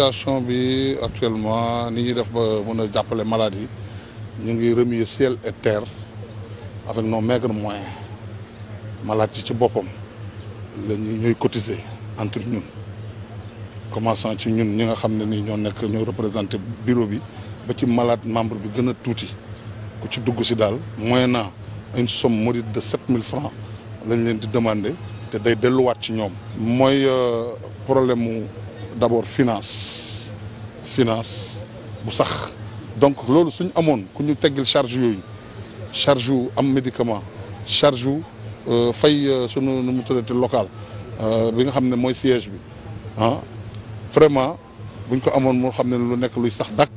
association bi actuellement ni ñuy def ba mën a jàppale malade ñu ngi remuer ciel et terre avec nos maigres moyens malade yi ci boppam la ñuy ñooy entre ñun commençant ci ñun ñi nga xam ne ni ñoo nekk ñoo représenté bureau bi ba ci malade membre bi gën a tuuti ku ci dugg si daal moyennant une somme modique de sept mille francs lañ leen di demander te day delluwaat ci ñoom. mooy euh, problème mu d'abord finance finance bu sax. donc loolu suñ amoon ku ñu teggil charge yooyu charge yu am médicament charge yu euh, fay euh, sunu nu mu tuddati local bi nga xam ne mooy siège bi ah vraiment buñ ko amoon moo xam ne lu nekk luy sax dàkk.